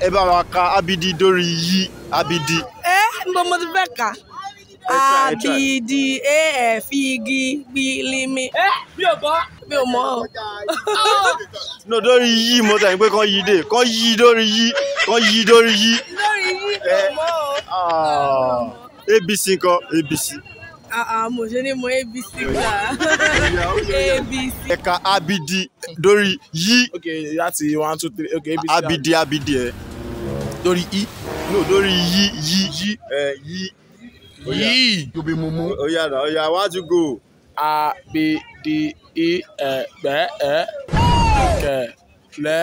ẹ bá wa ka abidi dórí yí abidi. ẹ n bọ mo ti fẹ́ kà abidi efigi gbilimi. ẹ mi ò bọ́. mi ò mọ̀ ọ́. no dórí yí mo sọ pé kán yí dé kán yí dórí yí kán yí dórí yí. dórí yí mi ò mọ̀ ọ́. abc ah, ńkọ́ abc. àà ah, ah, mo ṣe ni mo abc kà abc. ẹ̀ka abidi lórí yí. ok one two three ok abc abidi abidi ẹ lórí i no lórí yí yí yí ẹ yí yí tóbi mumu. oya na oya wá tún go. a b d E i ẹ gbẹ ẹ kẹ lẹ.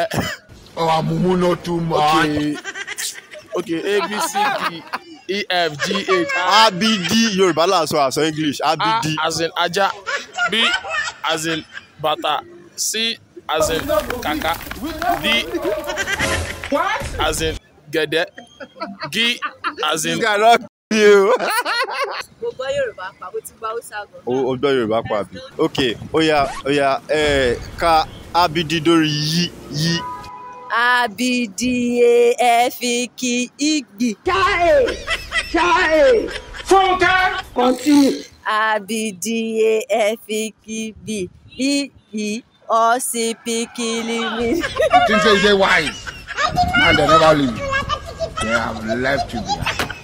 ọ̀rọ̀ mumu náà tún mọ́. ok ok C d E F G H. efgh. abd yorùbá là ń sọ àṣọ english A abd. a as in Aja. b as in bàtà See, as in kaka, the As in gẹdẹ, gi as in. Gàdọ̀ bí o. Mo gbọ́ Yorùbá pa, mo ti gbọ́ Hausa gan. O gbọ́ Yorùbá pa bi. Ok, oya oya ẹ ka abidi dórí yí yí. Abidi efiki igbi. Ṣáè Ṣáè Fúnkẹ́. Continue. Abidi efiki bi bi bi. Osi pikilimi. You think say you dey wise? Man, they never leave. They have left you behind.